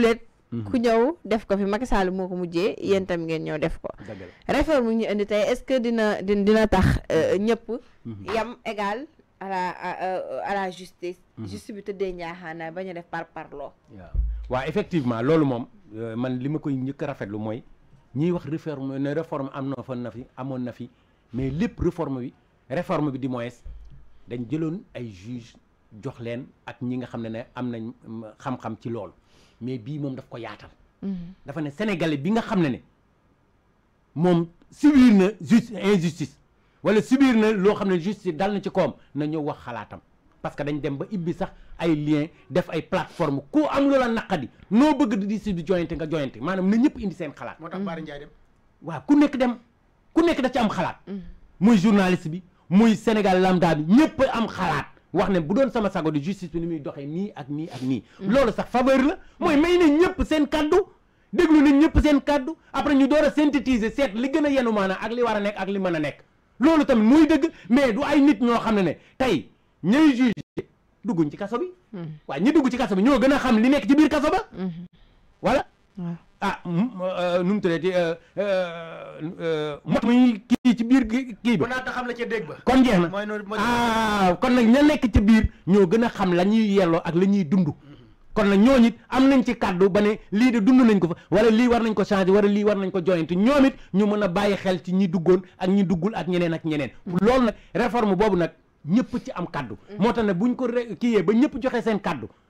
guléet mhm. ku ñëw def ko fi Macky moo ko mujjee yéen ngeen ñëw def ko réforme ñu indi est-ce que dina dina dina tax euh, ñëpp mhm. yam égal à la à euh, la justice mhm. justice a def par parloo waaw effectivement loolu moom euh, man li ma koy njëkk a rafetlu mooy ñiy wax réforme ne réforme am na fa na fi amoon na fi mais lépp réforme bi réforme bi di moins dañ jëloon ay juge jox leen ak ñi nga xam ne ne am nañ mm, xam-xam ci loolu mais bii moom daf ko yaatal. Mhm. dafa ne sénégalais bi nga xam ne ne moom subir na juste injustice wala subir na loo xam ne justice dal na ci koom na ñëw wax xalaatam parce que dañ dem ba ibbi sax ay lien def ay plateforme ku am loola naqadi noo bëgg di si di joyante nga joyante maanaam na ñëpp indi seen xalaat. moo tax mhm. Bara Ndiaye dem. ku nekk dem ku nekk da ci am xalaat. Mhm. muy journaliste bi muy Sénégal lambda bi ñëpp am xalaat. wax ne bu doon sama sago de justice bi muy doxee nii ak nii ak nii mm. loolu sax faveur la mooy may na ñëpp seen kaddu déglu nañ ñëpp seen kaddu après ñu door a synthétiser seet li gën a yenu maana ak li war a nekk ak li mën a nekk loolu tamit muy dëgg mais du ay nit ñoo xam ne ne tey ñay juge dugguñ ci kaso bi mm. waaw ñi dugg ci kaso bi ñoo gën a xam li nekk ci biir kaso ba mm-hmm. voilà ah euh, nu mu tuddati mot ma ñuy kii ci biir kii bi. mënaat a xam la ca dégg kon jeex na ah kon nag ña nekk ci biir ñoo gën a xam la ñuy yelloo ak la ñuy dund. Mm-hmm. kon nag ñooñu it am nañ ci kàddu ba ne lii de dund nañ ko fa wala lii war nañ ko changer wala lii war nañ ko joyante ñoom it ñu mën a bàyyi xel ci ñi duggoon ak ñi duggul ak ñeneen ak ñeneen. Mm-hmm. loolu nag réforme boobu nag ñëpp ci am kàddu. Mm-hmm. moo tax ne buñ ko kiiyee ba ñëpp joxe seen kàddu.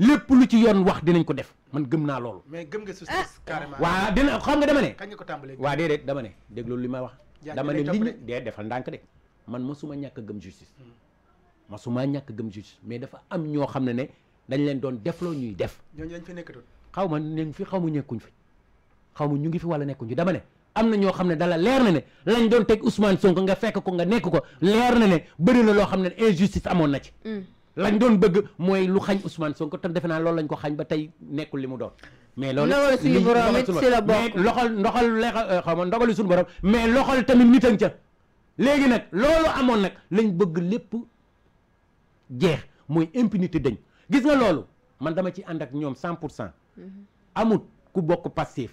lépp lu ci yoon wax dinañ ko def man gëm naa loolu. mais gëm nga justice ah. carrément. waaw dina xam nga dama ne. kañ nga ko tàmbalee waaw déedéet dama ne dégg loolu li ma wax. dama ne nit ñi dee defal ndànk de man suma ñàkk a gëm justice. Hmm. suma ñàkk gëm justice mais dafa am ñoo xam ne ne dañ leen doon def loo ñuy def. ñooñu dañ fi nekkatul. xaw ma ñu fi xaw ma nekkuñ fi xaw ma ñu ngi fi wala nekkuñu dama ne. am na ñoo xam ne dala leer na ne lañ doon teg Ousmane Sonko nga fekk ko nga nekk ko leer na ne bëri na loo xam ne injustice amoon na ci hmm. lañ doon bëgg mooy lu xañ Ousmane ko te defe naa loolu lañ ko xañ ba tey nekkul li mu doon mais loolu suñu borom it si la bokk loxol ndoxal leex euh, xaw ma ndogali suñu borom mais loxol tamit nitan ca léegi nag loolu amoon nag lañ bëgg lépp jeex mooy impunité dañ gis nga loolu man dama ci ànd ak ñoom cent pour cent mm-hmm. amut ku bokk passif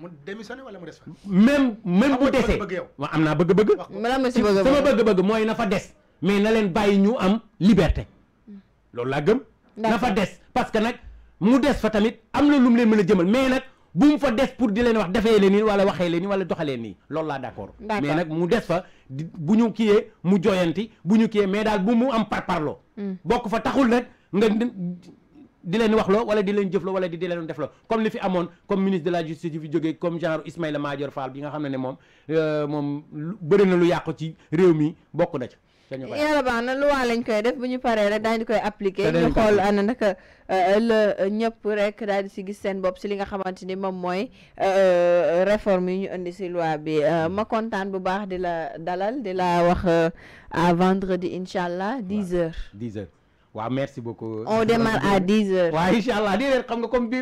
mu démissionné wala mu des fa. même même bu desee waaw am naa bëgg-bëgg. sama bëgg-bëgg mooy na fa des. mais na leen bàyyi ñu am liberté. Hmm. loolu laa gëm. na fa des parce que nag mu des fa tamit am na lu mu leen mën a jëmal mais nag bu mu fa des pour di leen wax defee leen nii wala waxee leen nii wala doxalee nii loolu laa d' accord. mais nag mu des fa bu ñu kiyee mu jooyanti bu ñu kiyee mais daal bu mu am parparloo. Hmm. bokk fa taxul nag nga. di leen wax loo wala di leen jëf loo wala di di leen def loo comme li fi amoon comme ministre de la justice bi fi jógee comme genre Ismaïla Madior Fall bi nga xam ne ne moom euh, moom bëri na lu yàqu ci réew mi bokk na ci. yàlla baax na loi lañ koy def bu ñu paree rek daañu koy appliquer ñu xool ana naka euh, la ñëpp rek daal di si gis seen bopp si li nga xamante ni moom mooy euh, réforme yi ñu indi si loi bi ma kontaan bu baax di la dalal di la wax à vendredi incha allah 10 heures 10 heures waaw merci beaucoup. on démarre à 10 heures. waaw incha allah 10 heures xam nga comme bi.